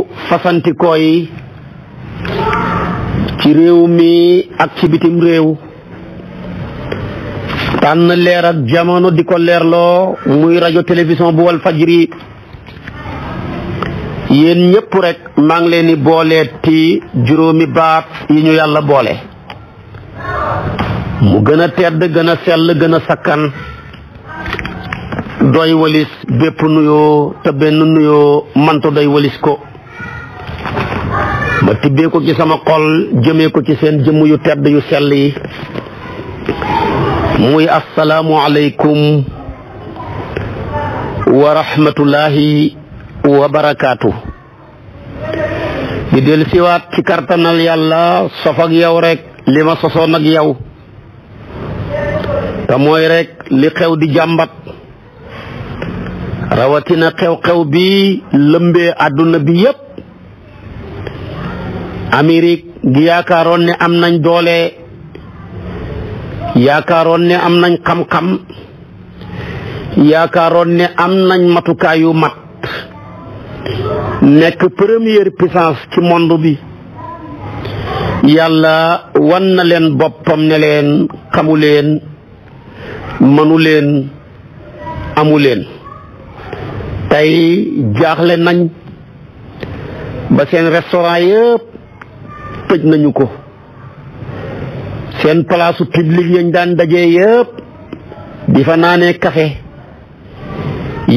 yu yi ci réew mi ak ci bitim réew tànn leer ak jamono di ko leerloo muy rajo télévision bu wal fajri yéen ñépp rekk maa ngi leen di boolee ti juróomi baat yi ñu yàlla boole mu gën a tedd gën a sell gën a sakkan dooy walis bépp nuyoo te benn nuyoo manto doy walis ko ma tibbee ko ci sama xol jëmee ko ci seen jëmm yu tedd yu sell muy asalaamualeykum wa rahmatullahi wa barakaatu di del siwaat ci kartanal yàlla sof ak yow rek li ma sosoon ak yow te mooy rek li xew di jàmbat rawatina xew-xew bi lëmbee àdduna bi yépp Amérique gi yaakaaroon ne am nañ doole yaakaaroon ne am nañ xam-xam yaakaaroon ne am nañ matukaayu mat nekk premier puissance ci monde bi yàlla wan na leen boppam ne leen xamu leen mënu leen amu leen tey jaaxle nañ ba seen restaurant yëpp tëj nañu ko seen palaasu publique yañ daan dajee yëpp di fa naanee kafe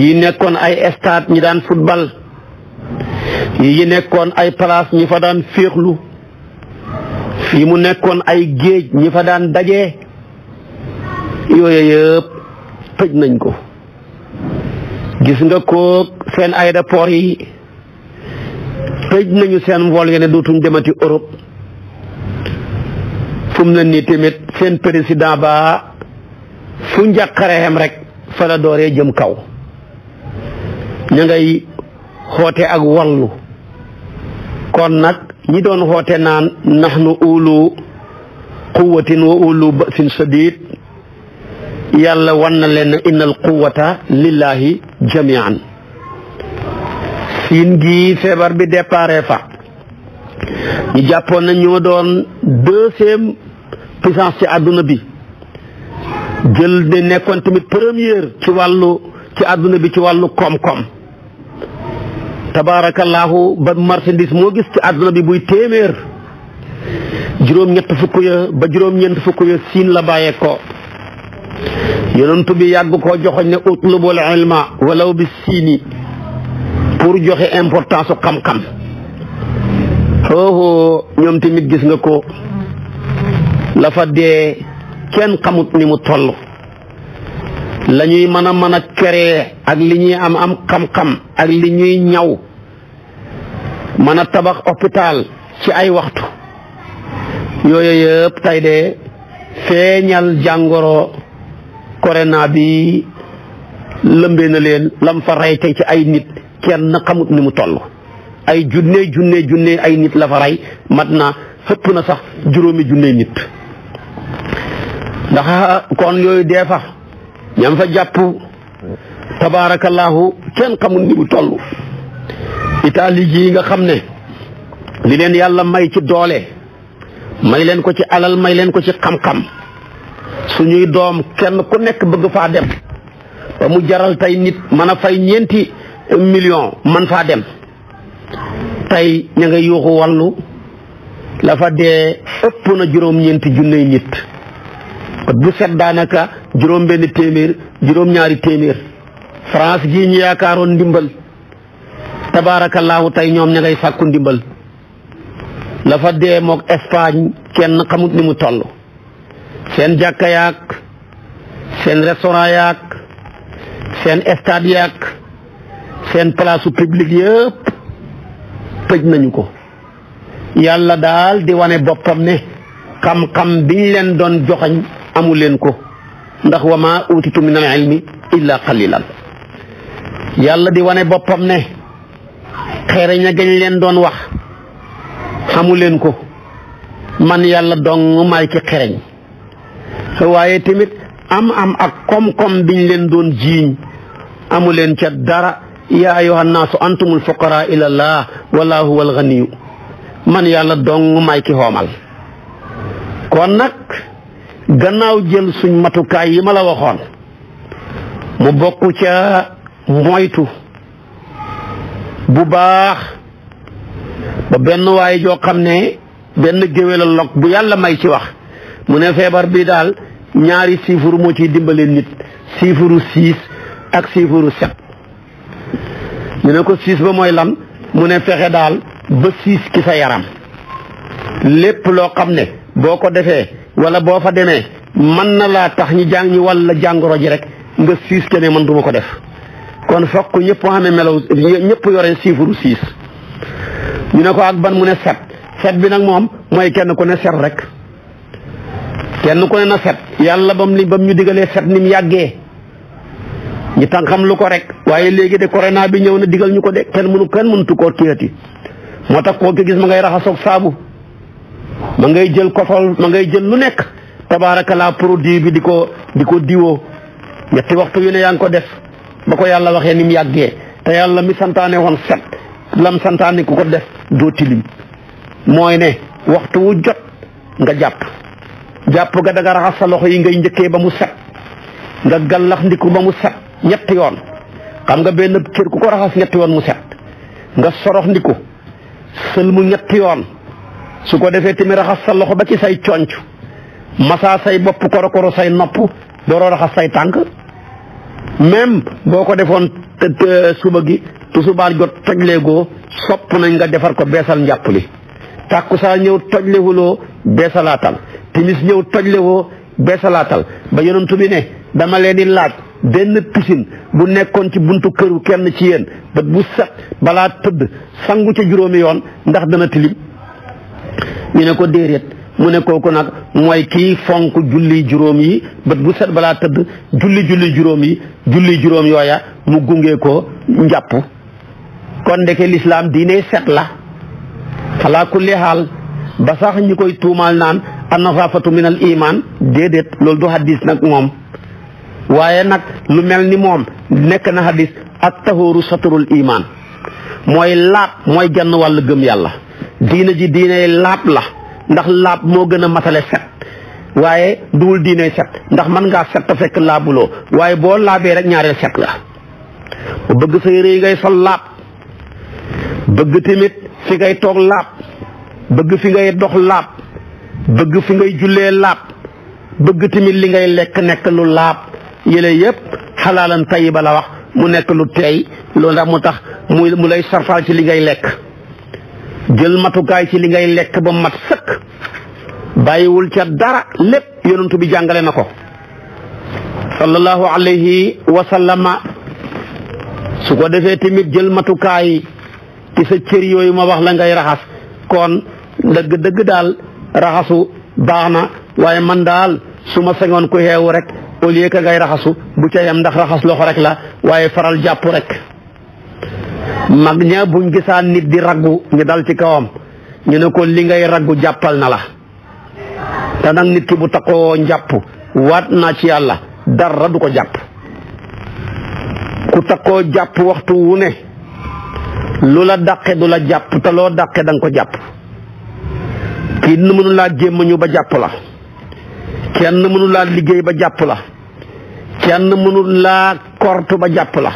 yi nekkoon ay staat ñi daan football yi nekkoon ay palaas ñi fa daan féexlu fii mu nekkoon ay géej ñi fa daan dajee yooyu yëpp tëj nañ ko gis nga ko seen aéroport yi tëj nañu seen vol yi ne demati Europe fu mu tamit seen président ba fu njàqareem rek jëm kaw ña ngay xoote ak wallu kon nag ñi doon xoote naan nahnu ulu quwatin wa ulu basin shadid yàlla wan na leen innal quwata lillahi jamian siin gi feebar bi depare fa ñu jàppoon na ñoo doon deuxième puissance ci àdduna bi jël ne nekkoon tamit première ci wàllu ci àdduna bi ci wàllu koom-koom tabaarakallaahu ba marchandise moo gis ci àdduna bi buy téeméer juróom-ñett fukk ya ba juróom-ñeent fukk ya siin la bàyyee ko yonent bi yàgg ko joxoñ ne utlubul ilma walaw bi siini pour joxe importance su xam-xam ñoom tamit gis nga ko la dee kenn xamut ni mu tollu la ñuy mën a mën a keree ak li ñuy am am xam-xam ak li ñuy ñaw mën a tabax hôpital ci ay waxtu yooyu yëpp tey de feeñal jàngoro corona bi lëmbee na leen lam fa rey tey ci ay nit kenn xamut ni mu toll ay junne junne junne ay nit la rey mat na xëpp na sax juróomi junne nit ndax kon yooyu dee fa ñam fa jàpp tabaarakallaahu kenn xamul ni mu toll ji nga xam ne li leen yàlla may ci doole may leen ko ci alal may leen ko ci xam-xam suñuy doom kenn ku nekk bëgg faa dem ba mu jaral tey nit mën a fay ñeenti million man faa dem tey ña nga yuuxu wàllu la fa dee ëpp na juróom-ñeenti junney nit code bu set daanaka juróom benn téeméer juróom ñaari téeméer France gii ñu yaakaaroon ndimbal tabaarakallaahu tey ñoom ña sàkku ndimbal la fa dee moog Espagne kenn xamut ni mu tollu seen jàkka yaak seen restaurant yaak seen stade yaak seen place publique yëpp tëj nañu ko yàlla daal di wane boppam ne xam-xam biñ leen doon joxañ amu leen ko ndax wa maa utitu min al ilmi illa yàlla di wane boppam ne xereñ a gañ leen doon wax xamu leen ko man yàlla dong maay ki xereñ waaye tamit am am ak koom-koom biñ leen doon jiiñ amu leen ca dara yaa ayyuhan naasu antumul fuqaraa ila allah wallahu huwal ganiyu man yàlla dong maay ki xoomal kon nag gannaaw jël suñ matukaay yi ma la waxoon mu bokk ca moytu bu baax ba benn waay joo xam ne benn géwéla log bu yàlla may ci wax mu ne feebar bi daal ñaari siifuru moo ciy dimbale nit siifuru siis ak siifuru set ñu ne ko siis ba mooy lan mu ne fexe daal ba siis ki sa yaram lépp loo xam ne boo ko defee wala boo fa demee mën na laa tax ñu jàng ñu walla jàngoro ji rek nga siis ke ne duma ko def kon fokk ñëpp xamee melaw ñëpp yore siifuru siis ñu ne ko ak ban mu ne set set bi nag moom mooy kenn ku ne set rek kenn ku ne na set yàlla bam li bam ñu digalee set ni mu yàggee ñu tan lu ko rek waaye léegi de corona bi ñëw na digal ñu ko de kenn mënu kenn mënutu koo téyati moo tax koo ki gis ma ngay raxasoog saabu ma ngay jël kofol ma ngay jël lu nekk tabaarakalaa produit bi di ko di ko diwoo ñetti waxtu yu ne yaa ngi ko def ba ko yàlla waxee ni mu yàggee te yàlla mi santaane woon set lam santaane ku ko def doo tilim mooy ne waxtu wu jot nga jàpp jàpp ga da nga raxas sa loxo yi ngay njëkkee ba mu set nga gallax ndiku ba mu set ñetti yoon xam nga benn cër ku ko raxas ñetti yoon mu set nga sorox ndiku sël mu ñetti yoon su ko defee tamit raxas sa loxo ba ci say conc masaa say bopp korokoro say nopp dooroo raxas say tànk même boo ko defoon suba gi tusubaar jot tojleegoo sopp nañ nga defar ko beesal njàpp li saa ñëw tojlewuloo beesalaatal timis ñëw tojlewoo beesalaatal ba yonentu bi ne dama leen di laaj benn piscine bu nekkoon ci buntu këru kenn ci yéen bët bu set balaa tëdd sangu ca juróomi yoon ndax dana tilim ñu ne ko déeréet mu ne kooku nag mooy kii fonk julli juróom yi bët bu set balaa tëdd julli julli juróom yi julli juróom yooya mu gunge ko njàpp kon ndeke lislaam diine set la ala ku xaal ba sax ñi koy tuumaal naan annazafatu min al iman déedéet loolu du hadis nag moom waaye nag lu mel ni moom nekk na hadis ak tahóoru saturul iman mooy laab mooy genn wàll gëm yàlla diina ji diinay laab la ndax laab moo gën a matale set waaye duwul diinay set ndax mën ngaa set te fekk laabuloo waaye boo laabee rek ñaareel set la mu bëgg sa yére yi ngay sol laab bëgg tamit fi ngay toog laab bëgg fi ngay dox laab bëgg fi ngay jullee laab bëgg tamit li ngay lekk nekk lu laab yële yëpp xalaalan ba la wax mu nekk lu teey loolu ndax mu tax mu mu lay sarfaal ci li ngay lekk jël matukaay ci li ngay lekk ba mat sëkk bàyyiwul ca dara lépp yonent bi jàngale na ko sallallahu alayhi wa sallama su ko defee tamit jël matukaay ci sa cër yooyu ma wax la ngay raxas kon dëgg dëgg daal raxasu baax na waaye man daal su ma sañoon ku xeewu rek au lieu que ngay raxasu bu ca yam ndax raxas loxo rek la waaye faral jàpp rek mag ña buñ gisaan nit di raggu ñu dal ci kawam ñu ne ko li ngay raggu jàppal na la te nag nit ki bu taxoo njàpp wat naa ci yàlla dara du ko jàpp ku taxoo jàpp waxtu wu ne lu la dàqe du la jàpp te loo dàqe da ko jàpp kii nu mënu laa jémmañu ba jàpp la kenn mënu laa liggéey ba jàpp la kenn mënu laa kortu ba jàpp la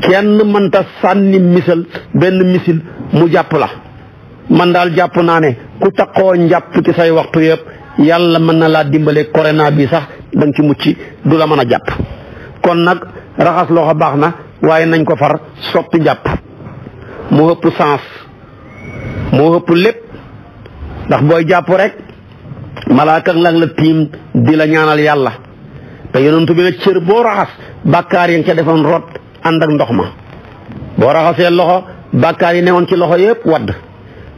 kenn mënta sànni misal benn misil mu jàpp la man daal jàpp naa ne ku taqoo njàpp ci say waxtu yëpp yàlla mën na laa dimbale corona bi sax da ci mucc du la mën a jàpp kon nag raxas loxo baax na waaye nañ ko far sotti njàpp moo ëpp sens moo ëpp lépp ndax booy jàpp rek malaakal lang la tiim di la ñaanal yàlla te yonentu bi ne cër boo raxas bàkkaar yi nga ca defoon rot ànd ak ndox ma boo raxasee loxo bàkkaar yi newoon ci loxo yëpp wadd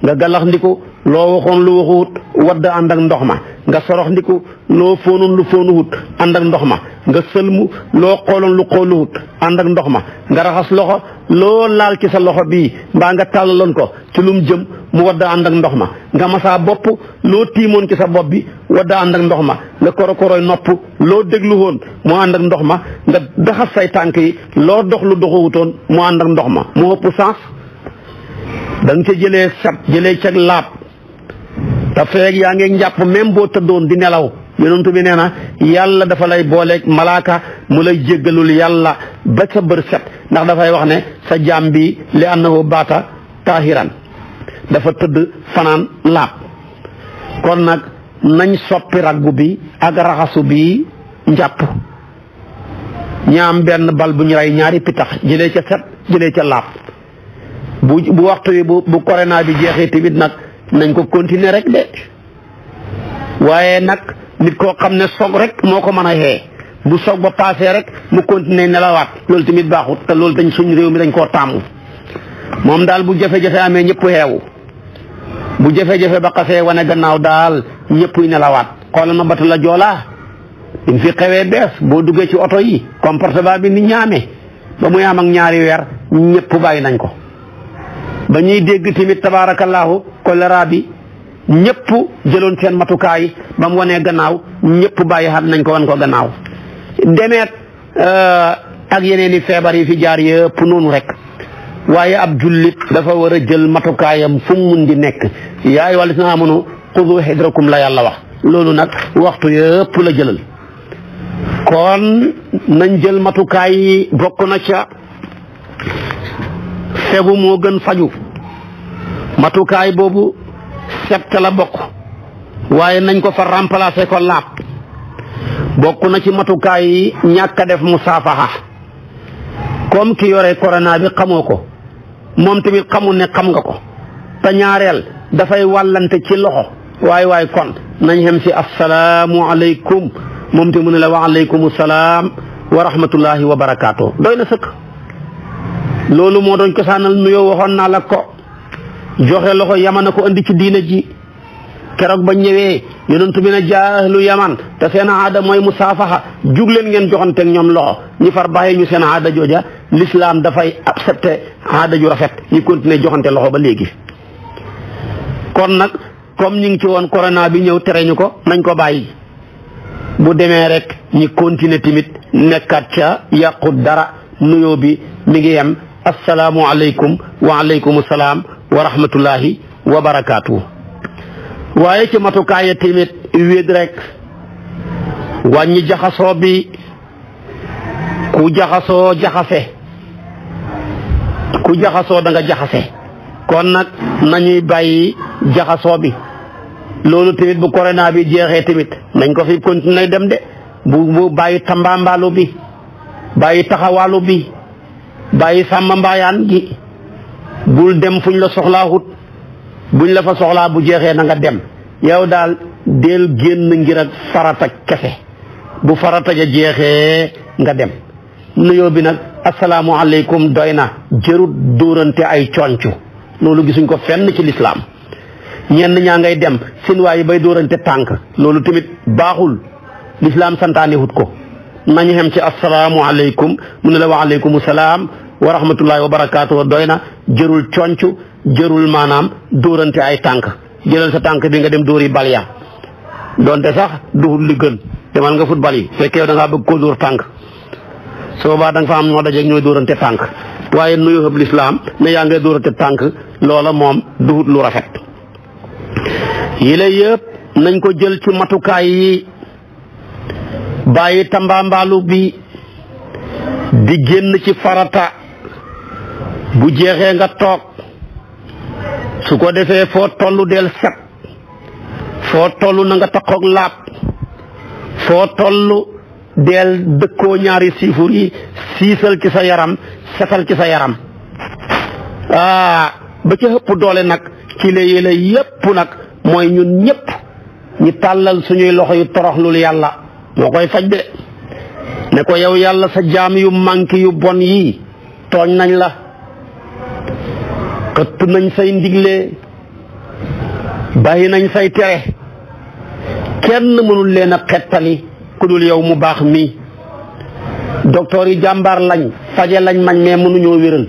nga galax ndiku loo waxoon lu waxuwut wadd ànd ak ndox ma nga sorox ndiku loo fóonoon lu fóonuwut ànd ak ndox ma nga sëlmu loo xooloon lu xooluwut ànd ak ndox ma nga raxas loxo loo laal ci sa loxo bii mbaa nga tàllaloon ko ci lu jëm mu wadda ànd ak ndox ma nga masaa bopp loo tiimoon ci sa bopp bi wadda ànd ak ndox ma nga korokoroy nopp loo déglu woon mu ànd ak ndox ma nga daxas say tànk yi loo doxlu lu mu ànd ak ndox ma mu ëpp sens da nga jële jëlee jële jëlee cag laab te feeg yaa ngi njàpp même boo tëddoon di nelaw yonent bi nee na yàlla dafa lay boole malaaka mu lay jéggalul yàlla ba sa bër set ndax dafay wax ne sa jaam bi li annahu baata taahiran dafa tëdd fanaan laab kon nag nañ soppi raggu bi ak raxasu bi njàpp ñaam benn bal bu ñu rey ñaari pitax jële ca set jëlee ca laab bu bu waxtu wi bu bu corona bi jeexee tamit nag nañ ko continuer rek de waaye nag nit koo xam ne soog rek moo ko mën a xee bu soog ba paasee rek mu continuer nelawaat loolu tamit baaxut te loolu dañ suñ réew mi dañ koo taamu moom daal bu jafe-jafe amee ñëpp xeewu bu jafe-jafe ba xasee wane gannaaw daal ñëppuy nelawaat xoolal ma la joolaa bi fi xewee bees boo duggee ci oto yi comportement bi ni ñaamee ba muy am ak ñaari weer ñëpp bàyyi nañ ko ba ñuy dégg tamit tabaarakallaahu choléra bi ñëpp jëloon seen matukaay ba wane gannaaw ñëpp bàyyi xam nañ ko wan ko gannaaw demeet euh, ak yeneen i feebar yi fi jaar yëpp noonu rek waaye ab jullit dafa war a jël matukaayam fu mun di nekk yaa ayyuhaa llaziina aamanuu xuzuu hidrakum la yàlla wax loolu nag waxtu yëpp la jëlal kon nañ jël matukaay yi bokk na ca fegu moo gën faju matukaay boobu set la bokk waaye nañ ko fa remplacer ko laab bokk na ci matukaay yi ñàkk a def musaafaha comme ki yore corona bi xamoo ko moom tamit xamul ne xam nga ko te ñaareel dafay wàllante ci loxo waay waay kon nañ xem si asalaamualeykum moom te mu ne la waaleykum salaam wa rahmatullahi wa barakaatu doy na sëkk loolu moo doon cosaanal nuyoo waxoon naa la ko joxe loxo yama na ko andi ci diina ji keroog ba ñëwee yonent bi ne jaahlu yamaan te seen aada mooy musaafaxa jug leen ngeen joxanteeg ñoom loxo ñi far bàyyi ñu seen aada jooja l'islam dafay accepté aada ju rafet ñu continuer joxante loxo ba léegi. kon nag comme ñu ngi ci woon corona bi ñëw tere ñu ko nañ ko bàyyi bu demee rek ñi continuer tamit nekkaat ca yàqu dara nuyoo bi mi ngi yem asalaamualeykum wa aleykum salaam wa rahmatullahi wa barakaatu. waaye ci matukaay ya tamit wéet rek wàññi jaxasoo bi ku jaxasoo jaxase ku jaxasoo danga nga jaxase kon nag nañuy bàyyi jaxasoo bi loolu tamit bu corona bi jeexee tamit nañ ko fi continuer dem de bu bu bàyyi tambaambaalu bi bàyyi taxawaalu bi bàyyi sàmmambaayaan gi bul dem fuñ la soxlaahut buñ la fa soxlaa bu jeexee na nga dem yow daal del génn ngir ak farata kese bu farata ja jeexee nga dem nuyoo bi nag asalaamualeykum doy na jërul dóorante ay concu loolu gisuñ ko fenn ci lislaam ñenn ñaa ngay dem seen yi bay dóorante tànk loolu tamit baaxul lislaam santaane wut ko nañu xem ci asalaamualeykum mu ne la waaleykum salaam wa rahmatullahi wa barakaatu doy na jërul concu jërul maanaam dóorante ay tànk jëlal sa tànk bi nga dem dóori bal ya donte sax duhul li gën demal nga football yi fekkee yow da ngaa bëgg koo dóor tànk soo boobaa danga nga fa am ñoo dajeeg ñooy dóorante tànk waaye nuyu lislaam ne yaa ngay dóorante tànk loola moom duhut lu rafet yile yëpp nañ ko jël ci matukaay yi bàyyi tambaambaalu bi di génn ci farata bu jeexee nga toog su ko defee foo toll del set foo tollu nanga nga takkoog laab foo toll del dëkkoo ñaari siifur yi siisal ci sa yaram setal ci sa yaram aa ba ca ëpp doole nag ci la yépp nag mooy ñun ñépp ñu tàllal suñuy loxo yu toroxlul yàlla moo koy faj de ne ko yow yàlla sa jaam yu manqué yu bon yii tooñ nañ la xëpp nañ say ndigle bàyyi nañ say tere kenn mënul leen a xettali ku dul yow mu baax mii docteur yi jàmbaar lañ faje lañ mañ mais mënuñoo wéral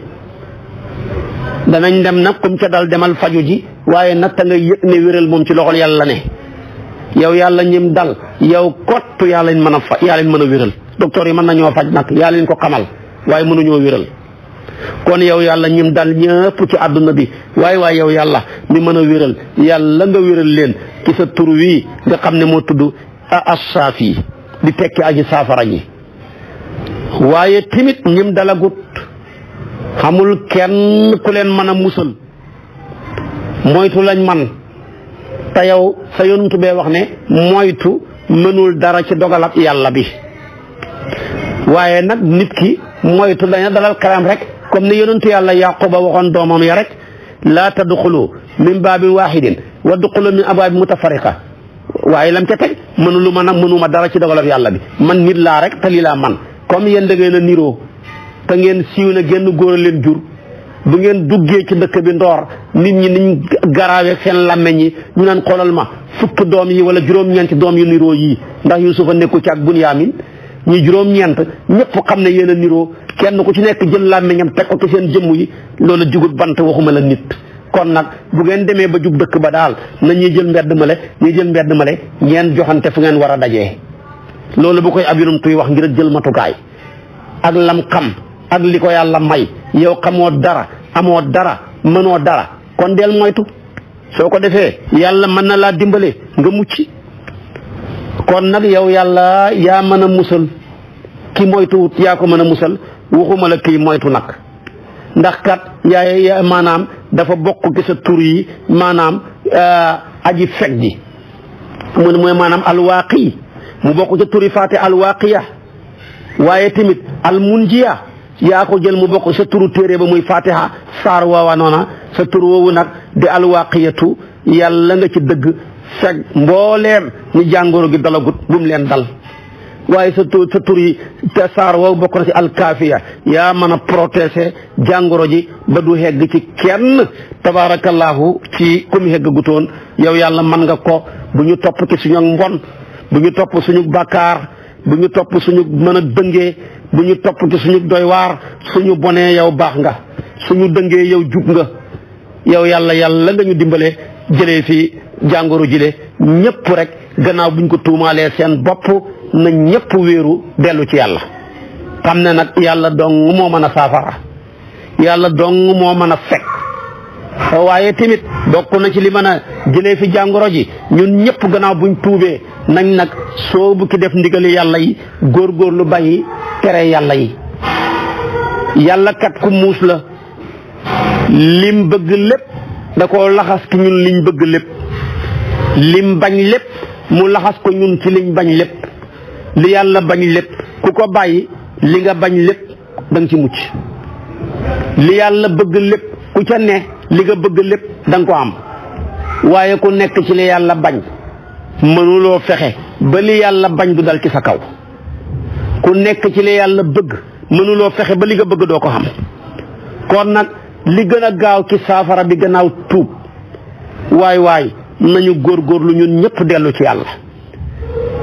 danañ dem nag kum ca dal demal faju ji waaye nag ta nga yëg ne wéral moom ci loxol yàlla ne yow yàlla ñim dal yow kott yaa leen mën a fa yaa leen mën a wéral docteur yi mën nañoo faj nag yaa leen ko xamal waaye mënuñoo wéral kon yow yàlla ñim dal ñëpp ci àdduna bi waaye waaye yow yàlla mi mën a wéral yàlla nga wéral leen ci sa tur wi nga xam ne moo tudd as-saafi di tekki aju saafara ñi waaye timit ñim dalagut xamul kenn ku leen mën a musal moytu lañ man te yow sa yonumtu bee wax ne moytu mënul dara ci dogalab yàlla bi waaye nag nit ki moytu daña dalal karam rek comme ni yonentu yàlla yaquba waxoon doomam ya rek laa tadxulu min baabin waahidin wadxulu min abwaabin mutafariqa waaye lam ca teg mënulu ma nag mënuma dara ci dogalab yàlla bi man nit laa rek te laa man comme yéen da ngeen a niroo te ngeen siiw na génn góor leen jur bu ngeen duggee ci dëkk bi ndoor nit ñi niñ garaawee seen làmmeñ yi ñu naan xoolal ma fukk doom yi wala juróom-ñeenti doom yu niroo yi ndax Yuusufa nekku ci ak Bunyaamin ñi juróom-ñeent ñëpp xam ne yéen a niroo kenn ku ci nekk jël làmmiñam teg ko ci seen jëmm yi loolu jugul bant waxuma la nit kon nag bu ngeen demee ba jub dëkk ba daal na ñuy jël mbedd male ñuy jël mbedd male ngeen joxante fu ngeen war a dajee loolu bu koy ab yunum tuy wax ngir a jël matukaay ak lam xam ak li ko yàlla may yow xamoo dara amoo dara mënoo dara kon del moytu soo ko defee yàlla mën na laa dimbale nga mucc kon nag yow yàlla yaa mën a musal ki moytuwut yaa ko mën a musal waxuma la kii moytu nag ndax kat yaa maanaam dafa bokk ci sa tur yi maanaam eh, aji fekk ji mu ne mooy maanaam yi mu bokk ci turi faate alwaaqiya waaye tamit almunjiya yaa ko jël mu bokk sa turu téere ba muy faate fatiha saar waawa noona sa tur woowu nag di alwaaqiyatu yàlla nga ci dëgg sa mbooleem ñi jàngoro gi dalagut bu mu leen dal waaye sa tur sa tur yi te saar woowu bokk na ci alkaafiya yaa mën a protéger jàngoro ji ba du hegg ci kenn tabaarakallaahu ci kum heggagutoon yow yàlla mën nga ko bu ñu topp ci ñu mbon bu ñu topp suñu bakkaar bu ñu topp suñu mën a dëngee bu ñu topp ci suñu doy waar suñu bonee yow baax nga suñu dëngee yow jub nga yow yàlla yàlla nga ñu dimbalee jële fi jàngoro jile ñépp rekk gannaaw buñ ko tuumaalee seen bopp na ñëpp wéeru dellu ci yàlla xam ne nag yàlla dong moo mën a saafara yàlla dong moo mën a fekk waaye tamit bokk na ci li mën a jële fi jàngoro ji ñun ñëpp gannaaw buñ tuubee nañ nag soo ki def ndigali yàlla yi góorgóorlu bàyyi tere yàlla yi yàlla kat ku muus la lim bëgg lépp da ko laxas ki ñun liñ bëgg lépp lim bañ lépp mu laxas ko ñun ci liñ bañ lépp li yàlla bañ lépp ku ko bàyyi li nga bañ lépp da ci mucc li yàlla bëgg lépp ku ca ne li nga bëgg lépp da ko am waaye ku nekk ci li yàlla bañ mënuloo fexe ba li yàlla bañ du dal ci sa kaw ku nekk ci li yàlla bëgg mënuloo fexe ba li nga bëgg doo ko am kon nag li gën a gaaw ci saafara bi gannaaw tuub waay waay nañu góor góor lu ñun ñëpp dellu ci yàlla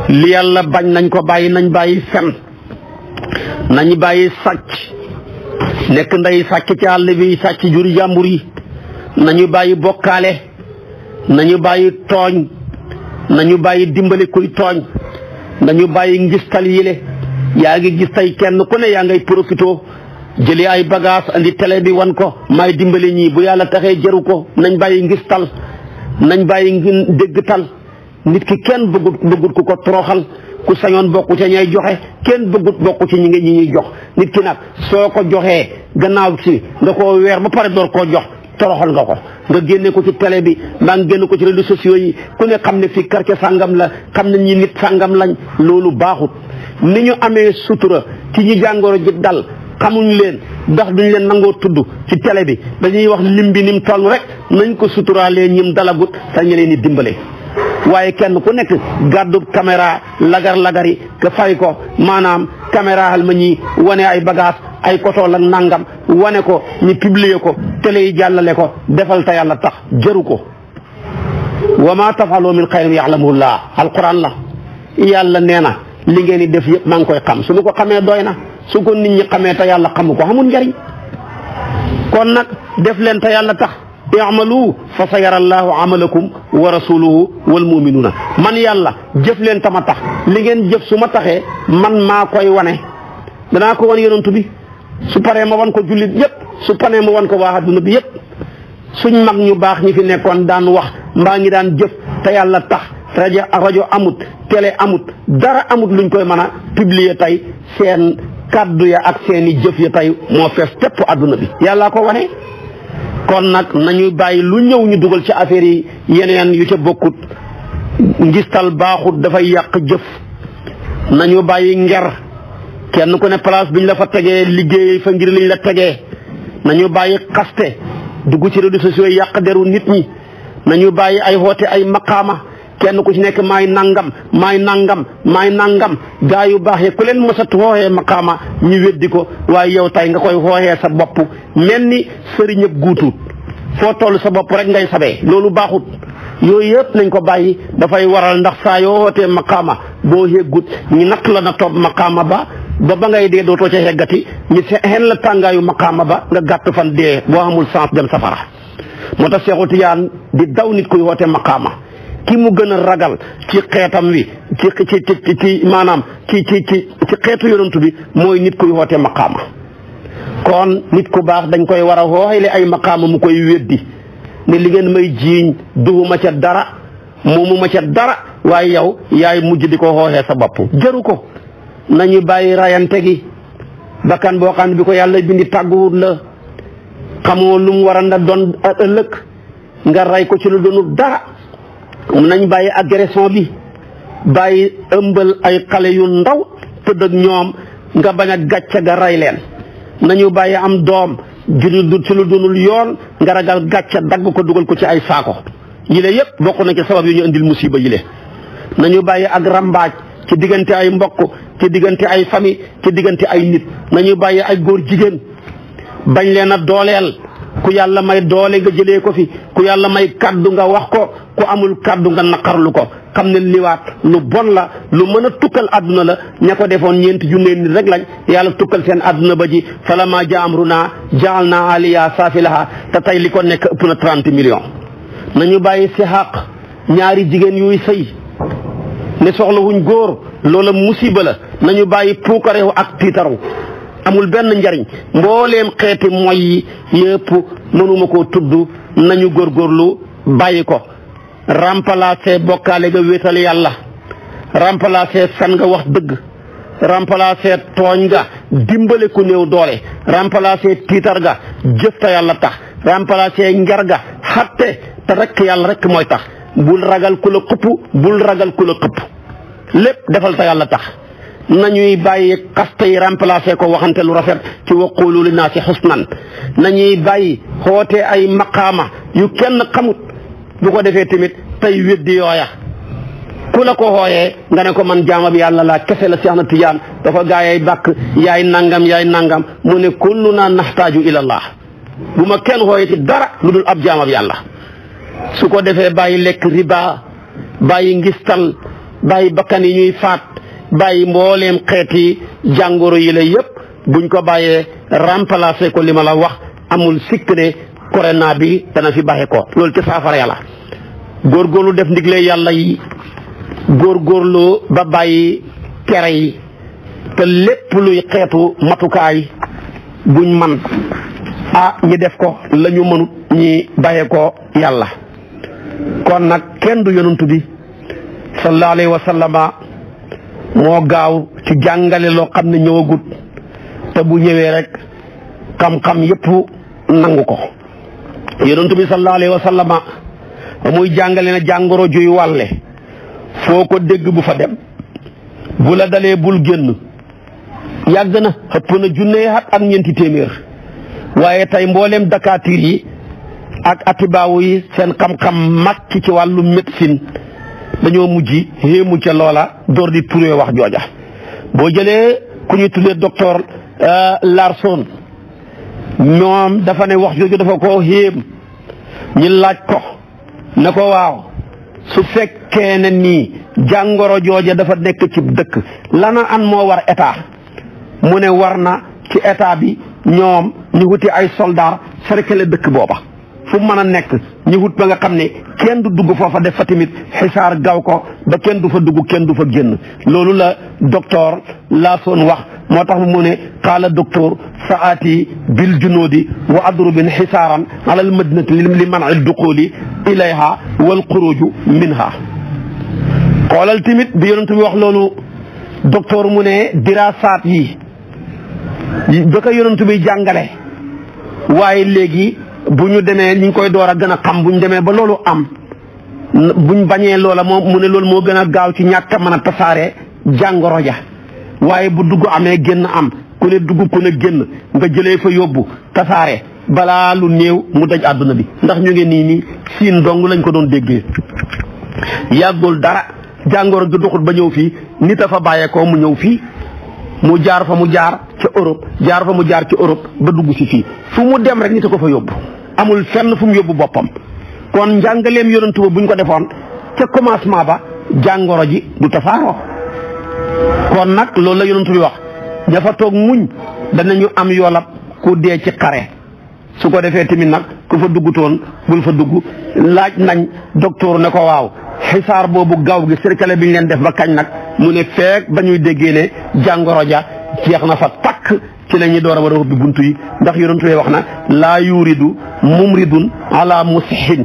li yàlla bañ nañ ko bàyyi nañ bàyyi fen nañu bàyyi sàcc nekk ndey sàcc ci àll bi sàcc juri jàmbur yi nañu bàyyi bokkaale nañu bàyyi tooñ nañu bàyyi dimbali kuy tooñ nañu bàyyi ngistal yile yaa ngi gis tey kenn ku ne yaa ngay profitoo jëli ay bagage andi tele bi wan ko maay dimbale ñii bu yàlla taxee jaru ko nañ bàyyi ngis tal nañ bàyyi ngi dégg tal nit ki kenn bëggut bëggut ku ko toroxal ku sañoon bokku ca ñay joxe kenn bëggut bokku ci ñi nga ñi ñuy jox nit ki nag soo ko joxee gannaaw si nga ko weer ba pare door ko jox toroxal nga ko nga génne ko ci tele bi mbaa nga génne ko ci réseaux sociaux yi ku ne xam ne fii quartier sangam la xam ne ñii nit sàngam lañ loolu baaxut ni ñu amee sutura ci ñi jàngoro ji dal xamuñ leen ndax duñ leen nangoo tudd ci tele bi dañuy wax lim bi ni mu toll rek nañ ko suturaale ñim dalagut te leen di dimbale. waaye kenn ku nekk gàddu caméra lagar lagari ka fay ko maanaam caméra al ma ñi wane ay bagage ay kotool ak nangam wane ko ñu publier ko tele yi jàllale ko defal ta yàlla tax jëru ko wa ma tafalu min xayrin ya'lamuhu llah alquran la yàlla nee na li ngeen def yëpp maa ngi koy xam su ma ko xamee doy na su ko nit ñi xamee te yàlla xamu ko xamul njariñ kon nag def leen te yàlla tax i'malu fa sa yara allahu amalakum wa rasuluhu wal man yàlla jëf leen ta ma tax li ngeen jëf su ma taxee man maa koy wane danaa ko wan yonent su paree ma wan ko jullit yépp su paree ma wan ko waa adduna bi yépp suñ mag ñu baax ñi fi nekkoon daan wax mbaa ngi daan jëf te yàlla tax rajo rajo amut télé amut dara amut luñ koy mën a publier tey seen kàddu ya ak seeni jëf ya tey moo fees tepp àdduna bi yàllaa ko wane kon nag nañu bàyyi lu ñëw ñu dugal ci affaire yi yeneen yu ca bokkut ngistal baaxut dafay yàq jëf nañu bàyyi nger kenn ku ne place biñ la fa tegee liggéey fa ngir liñ la tegee nañu bàyyi xaste dugg ci réseaux sociaux yàq deru nit ñi nañu bàyyi ay woote ay maqaama kenn ku ci nekk maay nangam maay nangam maay nangam gaa yu baax ku leen mës a xooxee maqaama ñu weddi ko waaye yow tay nga koy xooxee sa bopp mel ni sëriñ ab foo toll sa bopp rek ngay sabee loolu baaxut yooyu yëpp nañ ko bàyyi dafay waral ndax saa yoo wootee maqaama boo yeggut ñi natt la na toog maqaama ba ba ba ngay dee dootoo ca heggati ñi xen la tàngaayu maqaama ba nga gàtt fan dee boo amul sens dem safara moo tax Seexu Tijaan di daw nit kuy wootee maqaama ki mu gën a ragal ci xeetam wi ci ci maanaam ci ci ci xeetu yonantu bi mooy nit kuy woote maqaama kon nit ku baax dañ koy war a wooxele ay maqaama mu koy weddi ne li ngeen may jiiñ duhuma ca dara moomuma ca dara waaye yow yaay mujj di ko xooxee sa bopp jaru ko nañu bàyyi rayante gi bakkan boo xam ne bi ko yàlla bindi tàgguwut la xamoo lu mu war a doon ëllëg nga rey ko ci lu doonul dara nañu bàyyi agression bi bàyyi ëmbal ay xale yu ndaw tëdd ak ñoom nga bañ a gàcc ga ray leen nañu bàyyi am doom du ci lu dunul yoon nga ragal gàcce dagg ko dugal ko ci ay saako yile yépp bokk na ci sabab yu ñu indil musiba yile nañu bàyyi ak rambaaj ci diggante ay mbokk ci diggante ay famille ci diggante ay nit nañu bàyyi ay góor jigéen bañ leen a dooleel ku yàlla may doole nga jëlee ko fi ku yàlla may kàddu nga wax ko ku amul kàddu nga naqarlu ko xam ne liwaat lu bon la lu mën a tukkal àdduna la ña ko defoon ñeenti junne nit rek lañ yàlla tukkal seen àdduna ba ji falammaa jaa amrunaa ja'alnaa aliya saafilaha te tey li ko nekk ëpp na trente millions nañu bàyyi sixaaq ñaari jigéen yuy sëy ne soxlawuñ góor loola musiba la nañu bàyyi puukarewu ak tiitaru amul benn njariñ mbooleem xeeti moy yi mënuma ko tudd nañu góor góorgóorlu bàyyi ko remplacer bokkaale nga wéetal yàlla remplacer san nga wax dëgg remplacer tooñ ga dimbale ku néew doole remplacer tiitar ga jëf ta yàlla tax remplacer njar ga xatte te rekk yàlla rek mooy tax bul ragal ku la bul ragal ku la lépp defal ta yàlla tax nañuy bàyyi xasta yi remplacé ko waxante lu rafet ci waqulu naa naasi xusnan nañuy bàyyi xoote ay maqaama yu kenn xamut bu ko defee tamit tey weddi yooya ku la ko xooyee nga ne ko man jaamab yàlla laa kese la Seex na Tijaan dafa gaa yay bàkk yaay nangam yaay nangam mu ne kulluna naxtaaju ilallah bu ma kenn xooyee ci dara lu dul ab jaamab yàlla su ko defee bàyyi lekk riba bàyyi ngistal bàyyi bakkan yi ñuy faat bàyyi mbooleem xeeti jàngoro yi la yëpp buñ ko bàyyee remplacer ko li ma la wax amul sikk ne corona bi dana fi baaxee ko loolu ci saafara yàlla góorgóorlu def ndigle yàlla yi góorgóorlu ba bàyyi kere yi te lépp luy xeetu matukaay buñ man ah ñi def ko la ñu mënut ñi bàyyee ko yàlla kon nag kenn du yonantu bi sallallahu alayhi wa moo gaaw ci jàngale loo xam ne ñëwagut te bu ñëwee rek xam-xam yépp nangu ko yonent bi sallallahu alayhi wa muy jàngale na jàngoro juy wàlle foo ko dégg bu fa dem bula la dalee bul génn yàgg na xëpp na junne at ak ñeenti téeméer waaye tey mbooleem dakaatiir yi ak atibaawu yi seen xam-xam màcc ci wàllu médecine dañoo mujj xéemu ca loola door di prouvé wax jooja boo jëlee ku ñuy tuddee docteur euh, Larson moom dafa ne wax jooju dafa ko xéem ñu laaj ko ne ko waaw su fekkee ne nii jàngoro jooja dafa nekk ci dëkk lana an moo war état mu ne war na ci état bi ñoom ñu wuti ay soldaar cercle dëkk booba fu mën a nekk ñu wut ba nga xam ne kenn du dugg foofa def fa tamit xisaar gaw ko ba kenn du fa dugg kenn du fa génn loolu la la Laasoon wax moo tax mu ne qaala docteur saati bil junuudi wa adrubin xisaaran ala al madinati li manci duquli ilayha wal xuruju minha xoolal tamit bi yonent bi wax loolu docteur mune ne diraasaat yi da ko yonent bi waaye léegi bu ñu demee ñu ngi koy door a gën a xam bu ñu demee ba loolu am buñ bañee loola moom mu ne loolu moo gën a gaaw ci ñàkk a mën a tasaare jàngoro ja waaye bu dugg amee génn am ku ne dugg ku ne génn nga jëlee fa yóbbu tasaare balaa lu néew mu daj àdduna bi ndax ñu ngi nii nii siin dong lañ ko doon déggee yàggul dara jàngoro gi doxul ba ñëw fii nit a fa bàyyeekoo mu ñëw fii mu jaar fa mu jaar ca Europe jaar fa mu jaar ca Europe ba dugg si fii fu mu dem rek nit ko fa yóbbu amul fenn fu mu yóbbu boppam kon njàngaleem yonantu ba buñ ko defoon ca commencement ba jàngoro ji du tasaaroo kon nag loolu la yonantu bi wax ña toog muñ danañu am yoolab ku dee ci xare su ko defee tamit nag ko fa duggutoon bul fa dugg laaj nañ docteur ne ko waaw xisaar boobu gaaw gi circale bi ñu leen def ba kañ nag mu ne feek ba ñuy déggee jàngoro ja jeex na fa takk ci la ñuy door a war a ubbi buntu yi ndax yonent bi wax na laa yuridu mumridun ala musihin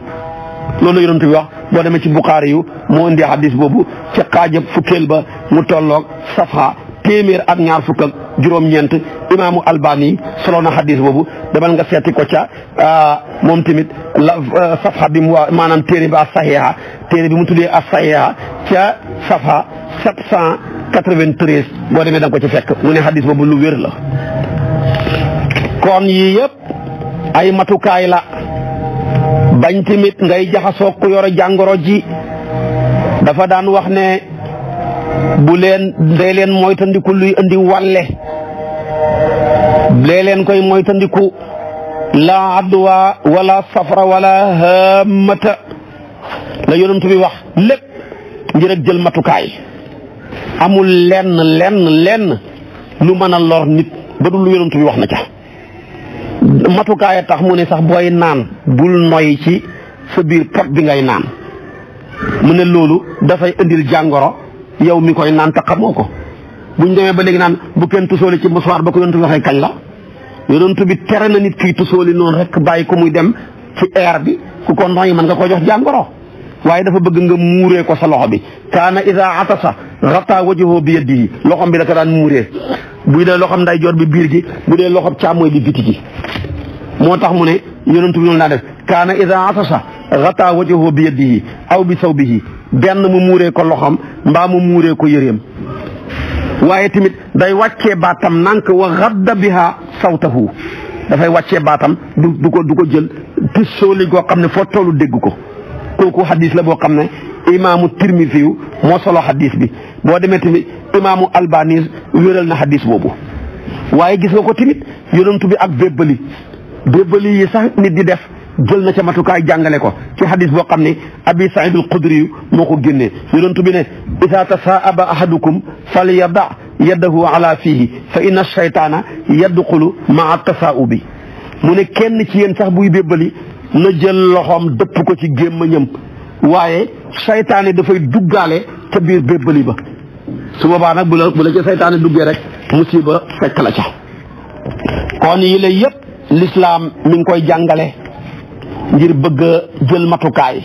loolu yonent bi wax boo demee ci buxaari yu moo indi hadis boobu ci xaajab fukkeel ba mu tolloog safa téeméer ak ñaar fukk ak juróom-ñeent imaamu albani solo na hadis boobu demal nga seeti ko ca ah, moom tamit la ah, safa maanaam téere bi as saxiixa téere bi mu tuddee as saxiixa ca safa 93 boo demee da nga ko ci fekk mu ne xadis lu wér la kon yii yëpp ay matukaay la bañ tamit ngay jaxasoo ku yore jàngoro ji dafa daan wax ne bu leen dee leen moytandiku luy indi wàlle dee leen koy moytandiku la adwa wala safra wala hamata la yonent bi wax lépp ngir jël matukaay amul lenn lenn lenn lu mën a lor nit ba du lu yonent bi wax na ca matukaay tax mu ne sax booy naan bul noy ci sa biir pot bi ngay naan mu ne loolu dafay indil jàngoro yow mi koy naan te xamoo ko buñ demee ba léegi naan bu kenn tusooli ci musuwaar ba ko yonent bi waxee kañ la yonent bi tere na nit kiy tusooli noonu rek bàyyi ko muy dem ci air bi ku ko noy mën nga ko jox jàngoro waaye dafa bëgg nga muuree ko sa loxo bi kaana idaa atasa rata wajuhu bi yadihi loxom bi la ko daan muuree bu dee loxom nday joor bi biir gi bu dee loxom càmmooy bi biti gi moo tax mu ne yonentu bi naa def kaana idaa atasa rata wajuhu bi aw bi sawbihi benn mu muuree ko loxom mbaa mu ko yëreem waaye tamit day wàccee baatam nànk wa xadda biha dafay wàccee baatam du du ko du ko jël tissooli goo xam ne foo tollu dégg ko kooku hadis la boo xam ne imaamu tirmisiyu moo solo hadis bi boo demee tamit imaamu albanise wéral na xadis boobu waaye gis nga ko tamit yonantu bi ak bébbali bébbali sax nit di def jël na ca matukaay jàngale ko ci xadis boo xam ne abi saïd al xudri moo ko génnee yonantu bi ne isa tasaaba ahadukum fal yada yadahu ala fihi fa inna shaytaana yadxulu maa tasaaubi mu ne kenn ci yéen sax buy bébbali na jël loxoom dëpp ko ci gémmiñam waaye saytaane dafay duggaale ca biir bébbali ba su boobaa nag bu la bu la ca saytaane duggee rek musiba fekk la ca kon yi la yëpp lislaam mi ngi koy jàngale ngir bëgg a jël matukaay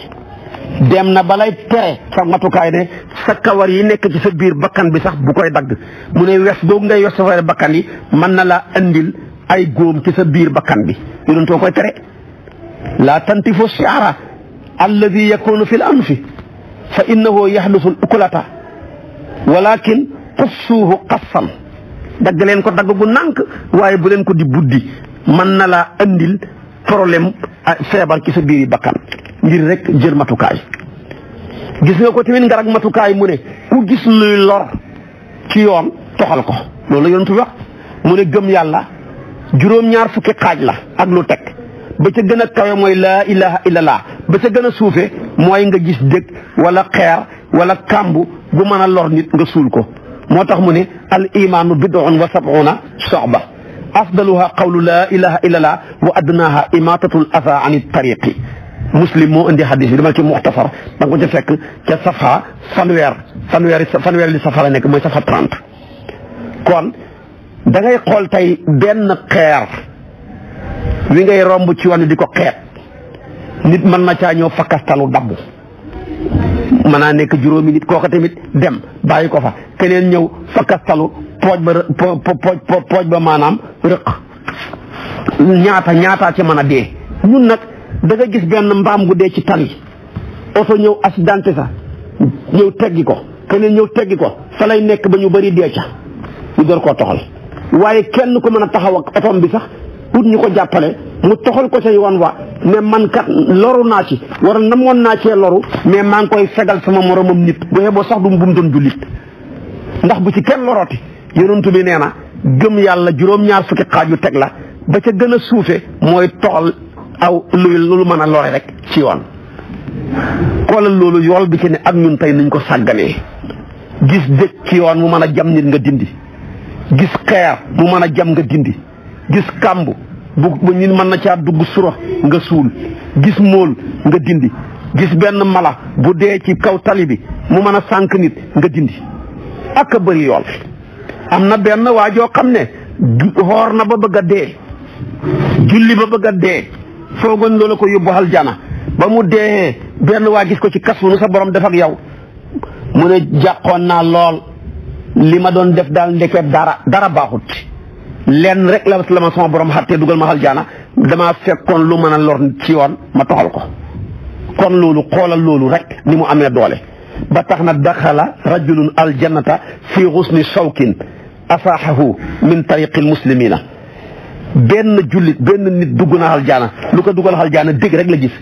dem na balay tere sa matukaay ne sa kawar yi nekk ci sa biir bakkan bi sax bu koy dagg mu ne wes googu ngay wes safare bakkan yi mën na laa indil ay góom ci sa biir bakkan bi yu doon too koy tere laa tantifu siara alladi yakunu fi l anfi fa innahu yaxlusu l ukulata walakin qassuuhu qassan dagg leen ko dagg gu nànk waaye bu leen ko di buddi man na laa andil problème feebar ci sa biiri bakkan ngir rek jël matukaay gis nga ko tamit nga rag matukaay mu ne ku gis luy lor ci yoon toxal ko loolu la yonent wax mu gëm yàlla juróom-ñaar fukki xaaj la ak lu teg ba ca gën a kawe mooy laa ilaha illallah ba ca gën a suufe mooy nga gis dëkk wala xeer wala kàmb gu mën a lor nit nga suul ko moo tax mu ne al imaanu bid'un wa sab'una soxba afdaluha qawlu laa ilaha illallah wa adnaha imatatul asa an tariqi muslim moo indi hadis bi dama ci muxtasar da nga ko ca fekk ca safa fanweer fanweer fanweer li safa la nekk mooy safa 30 kon da ngay xool tey benn xeer wi ngay romb ci yoon di ko xeet nit mën na caa ñëw fakkastalu dabbu mën naa nekk juróomi nit kooka tamit dem bàyyi ko fa keneen ñëw fakkastalu pooj ba pooj ba maanaam rëq ñaata ñaataa ci mën a dee ñun nag da gis benn mbaam gu dee ci tali oto ñëw accidenté sa ñëw teggi ko keneen ñëw teggi ko fa lay nekk ba ñu bari dee ca ñu door koo toxal waaye kenn ku mën a taxaw ak otom bi sax ut ñu ko jàppale mu toxal ko say wan wa mais man kat loru naa ci wala namoon naa cee loru mais maa ngi koy fegal sama moromam nit bu xeboo sax du bu mu doon jullit ndax bu ci kenn lorooti yonent bi nee na gëm yàlla juróom-ñaar fukki xaaj yu teg la ba ca gën a suufe mooy toxal aw luy lu mën a lore rek ci yoon xoolal loolu yool bi ci ne ak ñun tey nañ ko sàgganee gis dëkk ci yoon mu mën a jam nit nga dindi gis xeer mu mën a jam nga dindi gis kàmb bu bu ñu mën na caa dugg sura nga suul gis mool nga dindi gis benn mala bu dee ci kaw tali bi mu mën a sànq nit nga dindi ak a yool am na benn waajoo xam ne xoor na ba bëgg a dee julli ba bëgg a dee foogoon loola ko yóbbu aljana ba mu dee benn waa gis ko ci kas nu sa borom def ak yow mu ne jàqoon naa lool li ma doon def daal ndeket dara dara baaxut lenn rek la la ma sama borom xattee dugal ma aljaana damaa fekkoon lu mën a lor ci yoon ma toxal ko kon loolu xoolal loolu rek ni mu amee doole ba tax na daxala rajulun aljannata fi xusni shawkin asaaxahu min tariqi almuslimina benn jullit benn nit dugg na aljaana lu ko dugal aljaana dégg rek la gis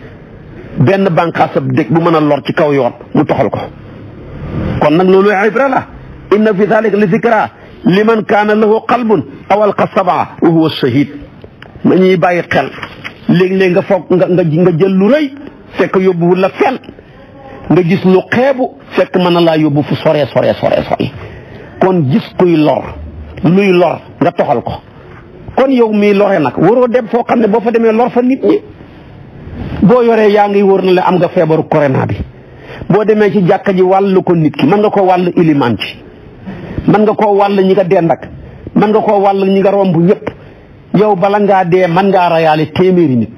benn bànqaasab dégg bu mën a lor ci kaw yoon mu toxal ko kon nag ibra la inna fi dalika li zikra liman kaana lahu qalbun aw alqa sabaa wa huwa shahid ma ñuy bàyyi xel léegi léeg nga foog nga nga nga jël lu rëy fekk yóbbuwul la fenn nga gis lu xeebu fekk mën na laa yóbbu fu sore sore sore sore kon gis kuy lor luy lor nga toxal ko kon yow mii lore nag waroo dem foo xam ne boo fa demee lor fa nit ñi boo yoree yaa ngi wóor na la am nga feebaru corona bi boo demee ci jàkka ji wàllu ko nit ki mën nga ko wàllu ilimaan ci mën nga koo wàll ñi nga dend ak mën nga koo wàll ñi nga romb ñëpp yow bala ngaa dee man ngaa rayaale téeméeri nit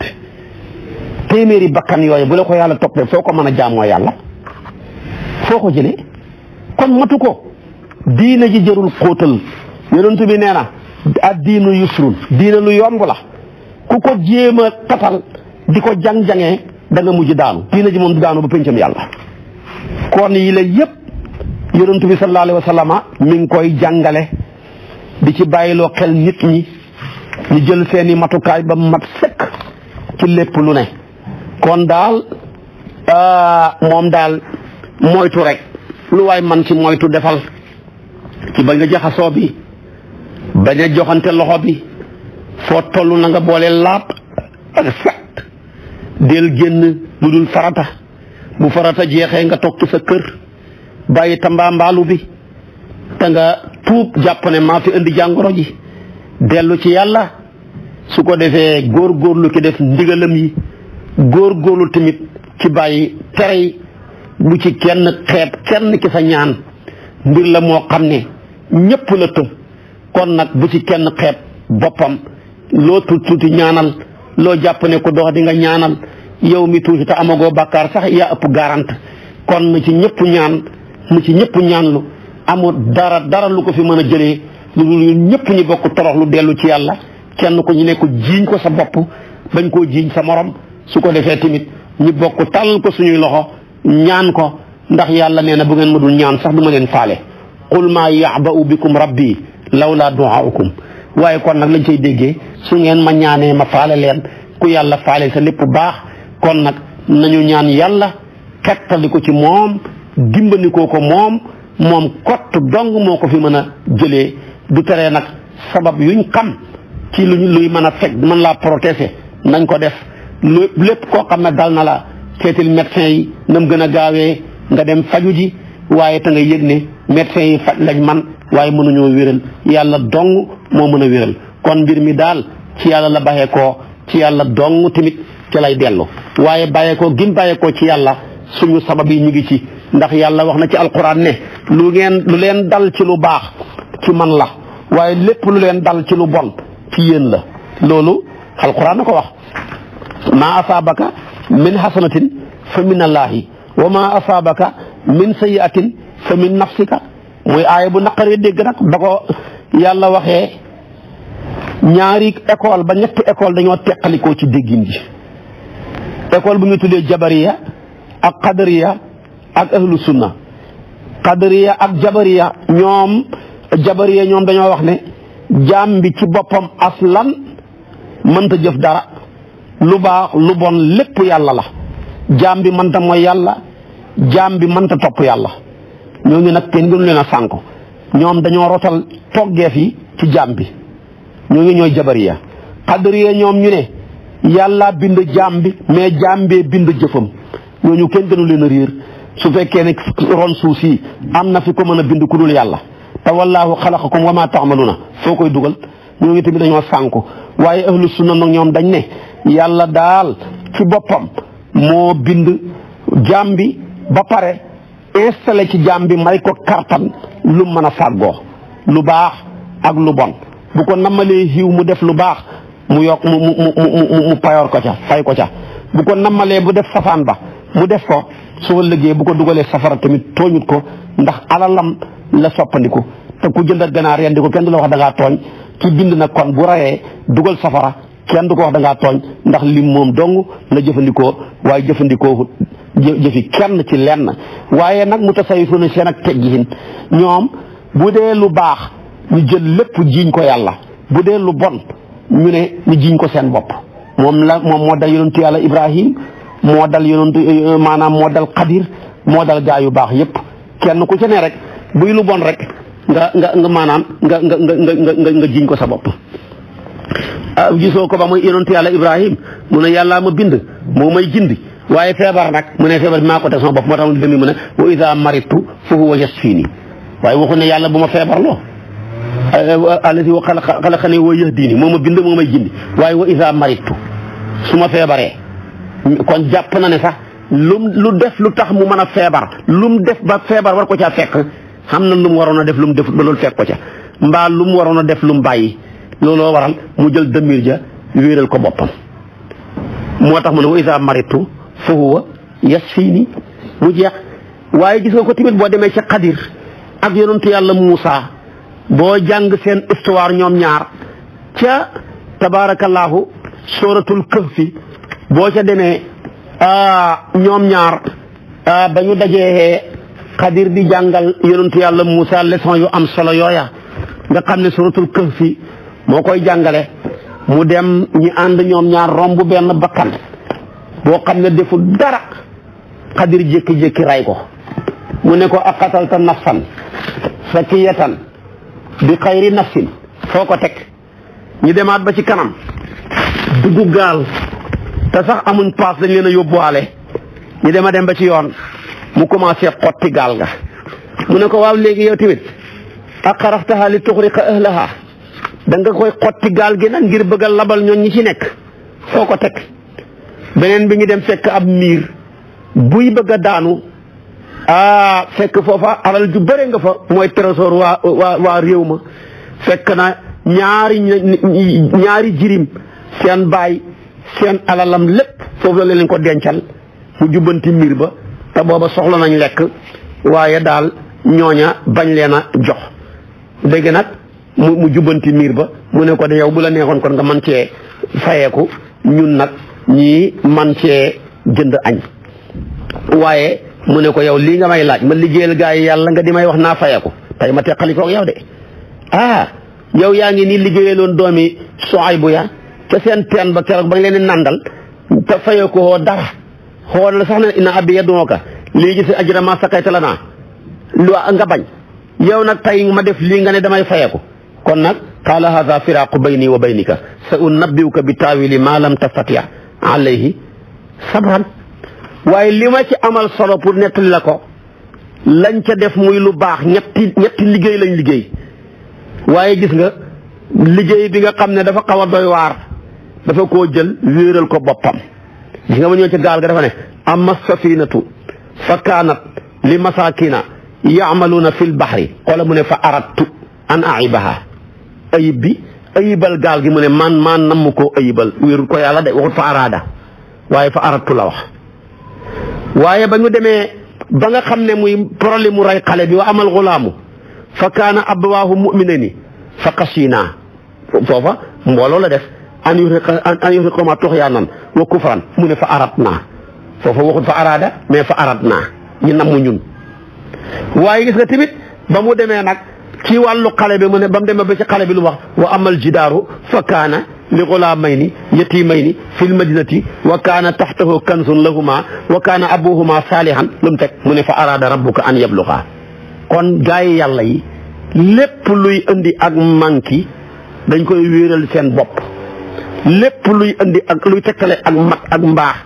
téeméeri bakkan yooyu bu la ko yàlla toppee foo ko mën a jaamoo yàlla foo ko jële kon matu ko diina ji jërul xóotal yonent bi nee na ad diinu yusrun diina lu yomb la ku ko jéem a tatal di ko jang-jangee da nga mujj daanu diina ji moom du daanu ba pencam yàlla kon yi la yëpp yonent bi sallallahu alayhi wa mi ngi koy jàngale di ci bàyyiloo xel nit ñi ñu jël seeni matukaay ba mat sëkk ci lépp lu ne kon daal euh, moom daal moytu rek lu waay man ci moytu defal ci bañ a jaxasoo bi bañ a joxante loxo bi foo tollu na nga boole laab ak set del génn lu dul farata bu farata jeexee nga toog sa kër bàyyi tambaambaalu bi te nga tuub jàpp ne maa fi indi jàngoro ji dellu ci yàlla su ko defee góor góorgóorlu ki def ndigalam yi góorgóorlu tamit ci bàyyi tere yi bu ci kenn xeet kenn ki sa ñaan mbir la moo xam ne ñépp la kon nag bu ci kenn xeet boppam loo tuuti tuuti ñaanal loo jàpp ne ko dox dinga nga ñaanal yow mi tuuti te amagoo bàkkaar sax yaa ëpp garante kon na ci ñëpp ñaan lu ci ñëpp lu amul dara dara lu ko fi mën a jëlee lu ñëpp ñu bokk torox lu dellu ci yàlla kenn ko ñu ne jiiñ ko sa bopp bañ koo jiiñ sa morom su ko defee tamit ñu bokk tàll ko suñuy loxo ñaan ko ndax yàlla nee na bu ngeen ma dul ñaan sax du ma leen faale qul maa ya'ba'u bikum rabbi lawlaa du'aa'ukum waaye kon nag lañ cay déggee su ngeen ma ñaanee ma faale leen ku yàlla faale sa lépp baax kon nag nañu ñaan yàlla kettali ko ci moom dimbalikoo ko moom moom kott dong moo ko fi mën a jëlee du teree nag sabab yuñ xam ci luñ luy mën a fekk mën laa protéger nañ ko def lépp koo xam na dal na la seetil médecin yi nam gën a gaawee nga dem faju ji waaye te nga yëg ne médecin yi faj lañ man waaye mënuñoo wéral yàlla dong moo mën a wéral kon mbir mi daal ci yàlla la bàyyee koo ci yàlla dong tamit ci lay dellu waaye bàyyee koo gin bàyyee ci yàlla suñu sabab yi ñu ngi ci ndax yàlla wax na ci alquran ne lu lu leen dal ci lu baax ci man la waaye lépp lu leen dal ci lu bon ci yéen la loolu alquran na ko wax maa asaabaka min xasanatin fa min allaahi wa maa asaabaka min sayiatin fa min nafsika muy aaya bu naqaree dégg nag ba ko yàlla waxee ñaari école ba ñetti école dañoo teqalikoo ci déggin ji école bu ñu tuddee jabariya ak qadariya ak ahlu sunna qadariya ak jabariya ñoom jabariya ñoom dañoo wax ne jaam bi ci boppam aslan mënta jëf dara lu baax lu bon lépp yàlla la jaam bi mënta mooy yàlla jaam bi mënta topp yàlla ngi nag kenn gënu a sànku ñoom dañoo rotal toggeef yi ci jaam bi ñooñu ñooy jabariya qadariya ñoom ñu ne yàlla bind jaam bi mais jaam bee bind jëfam ñooñu kenn gënu leen a riir su fekkee ne ron suuf si am na fi ko mën a bind ku dul yàlla te wallaahu tax ma maa na foo koy dugal ñooñu dañu dañoo sànku waaye ahlu sunna nag ñoom dañ ne yàlla daal ci boppam moo bind jaam bi ba pare installé ci jaam bi may ko kartan lu mën a fàggoo lu baax ak lu bon bu ko nammalee xiw mu def lu baax mu yokk mu mu mu mu payoor ko ca fay ko ca bu ko nammalee bu def safaan ba mu def ko su ëllëgee bu ko dugalee safara tamit tooñut ko ndax alalam la soppandiku te ku jëndal ganaar rendi ko kenn du la wax da ngaa tooñ ci bind nag kon bu rayee dugal safara kenn du ko wax da tooñ ndax lim moom dong la jëfandikoo waaye jëfandikoo jëfi kenn ci lenn waaye nag mu tasawifuna seen ak teggihin ñoom bu dee lu baax ñu jël lépp jiiñ ko yàlla bu dee lu bon ñu ne ñu jiiñ ko seen bopp moom la moom moo dal yonentu yàlla Ibrahim moo dal yonent euh, maanaam moo dal xadir moo dal gaa yu baax yépp kenn ku ci ne rek buy lu bon rek nga nga nga maanaam nga nga nga nga nga jiñ ko sa bopp. ah gisoo ko ba muy yonentu yàlla Ibrahim mu ne yàllaa ma bind moo may jindi waaye feebar nag mu ne feebar bi maa ko teg sama bopp moo tax mu ne wa idaa maritu fa huwa yasfiini waaye waxu ne yàlla bu ma feebarloo ah, allazi wa xalaqani wa yahdini moo ma bind moo may jindi waaye wa idaa maritu su ma feebaree. kon jàpp na ne sax lu def lu tax mu mën a feebar lum def ba feebar war ko caa fekk xam na lu mu waroon a def lu mu def ba loolu fekk ko ca mbaa lu mu waroon a def lu mu bàyyi looloo waral mu jël damir ja wéeral ko boppam moo tax mu ne wa isa maritu fa jeex waaye gis nga ko tamit boo demee ca xadir ak yonentu yàlla Muusa boo jàng seen histoire ñoom ñaar ca tabaarakallaahu sooratul fi boo ca demee ah, ñoom ñaar ah, ba ñu dajee xadir di jàngal yonentu yàlla Moussa leçon yu am solo yooya nga xam ne suratul kahfi moo koy jàngale mu dem ñi ànd ñoom ñaar romb benn bakkan boo xam ne deful dara xadir jékki-jékki ray ko mu ne ko aqatalta nafsan sakiyatan bi xayri nafsin foo ko teg ñu demaat ba ci kanam dugg gaal te sax amuñ paas dañ leen a yóbbuwaale ñu dem a dem ba ci yoon mu commencé xotti gaal ga mu ne ko waaw léegi yow tamit aqaraftaha li tuxriqa ahlaha da nga koy xotti gaal gi nag ngir bëgg a labal ñoon ñi ci nekk foo ko teg beneen bi ngi dem fekk ab miir buy bëgg a daanu ah fekk foofa alal ju bëre nga fa mooy trésor waa waa waa réew ma fekk na ñaari ñaari jirim seen baay seen alalam lépp foofu la leen ko dencal mu jubbanti miir ba te booba soxla nañ lekk waaye daal ñooña bañ leen a jox dégg nag mu mu jubbanti miir ba mu ne ko de yow bu la neexoon kon nga man cee fayeeku ñun nag ñii man cee jënd añ waaye mu ne ko yow lii nga may laaj ma liggéeyal gaa yi yàlla nga di may wax naa fayeeku tey ma teqali koog yow de ah yow yaa ngi nii liggéeyaloon doomi Suaybu ya ca seen teen ba keroog ba nga leen di nandal te fayoo ko dara xool la sax ne inna abdi yad'uka léegi si ajra ma sakayta lana lu nga bañ yow nag tey ma def lii nga ne damay fayeeku kon nag qaala hadha firaaqu bayni wa baynika sa unabbi'uka bi taawili ma lam tastati' alayhi sabran waaye li ma ci amal solo pour nettali la ko lañ ca def muy lu baax ñetti ñetti liggéey lañ liggéey waaye gis nga liggéey bi nga xam ne dafa xaw a doy waar dafa koo jël wéeral ko boppam gis nga ba ñëw ca gaal ga dafa ne amma safinatu fa kaanat li masakina yaamaluuna fi lbaxri xoola mu ne fa arattu an aibaha ayib bi ayibal gaal gi mu ne man man namm koo ayibal wéerul ko yàlla de waxut fa araada waaye fa arattu la wax waaye ba ñu demee ba nga xam ne muy problème mu rey xale bi wa amal xulaamu fa kaana abawaahu muminani fa xasiinaa foofa mbooloo la def an yuhriqa ma tuxyaanan wa kufran mu ne fa arat naa foofa waxut fa araada mais fa arat naa ñu mu ñun. waaye gis nga tamit ba mu demee nag ci wàllu xale bi mu ne ba mu demee ba ci xale bi lu wax wa amal jidaaru fa kaana li gulaamayni yatimayni fil madinati wa kaana taxtahu kanzun lahuma wa kaana abuhuma saalihan lu mu teg mu ne fa araada rabbuka an yabluqa kon gaa yi yàlla yi lépp luy indi ak manki dañ koy wéeral seen bopp. lépp luy indi ak luy tegtale ak mat ak mbaax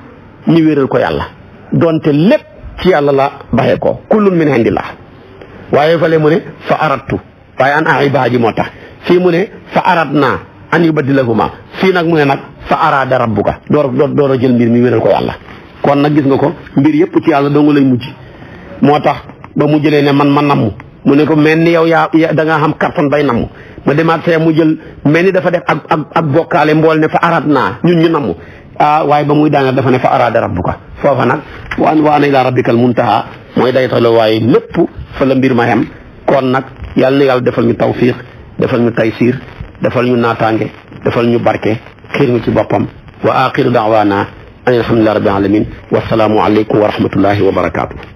ñu wéral ko yàlla donte lépp ci yàlla la baxe ko kullun min indillah waaye fale mu ne fa arattu waaye an ahibaha ji moo tax fii mu ne fa arat naa an yubaddilahuma fii nag mu ne nag fa arada rabbuka door door a jël mbir mi wéral ko yàlla kon nag gis nga ko mbir yëpp ci yàlla dong lay mujj moo tax ba mu jëlee ne man ma namm mu ne ko mel ni yow yaa da ngaa xam carton bay namm ma demaat fee mu jël mel ni dafa def ak ak ak bokkaale mbool ne fa araat naa ñun ñu namm ah waaye ba muy daaneel dafa ne fa araada rabbuka foofa nag waan waan ila rabbikal muntaha mooy daytaloo waaye lépp fa la mbir ma yem kon nag yàlla na yàlla defal ñu tawfiq defal ñu taysiir defal ñu naataange defal ñu barke xiir ñu ci boppam wa axiru daawaana an alhamdulilah rabbil alamin wasalaamu aleykum wa rahmatullahi wa barakaatu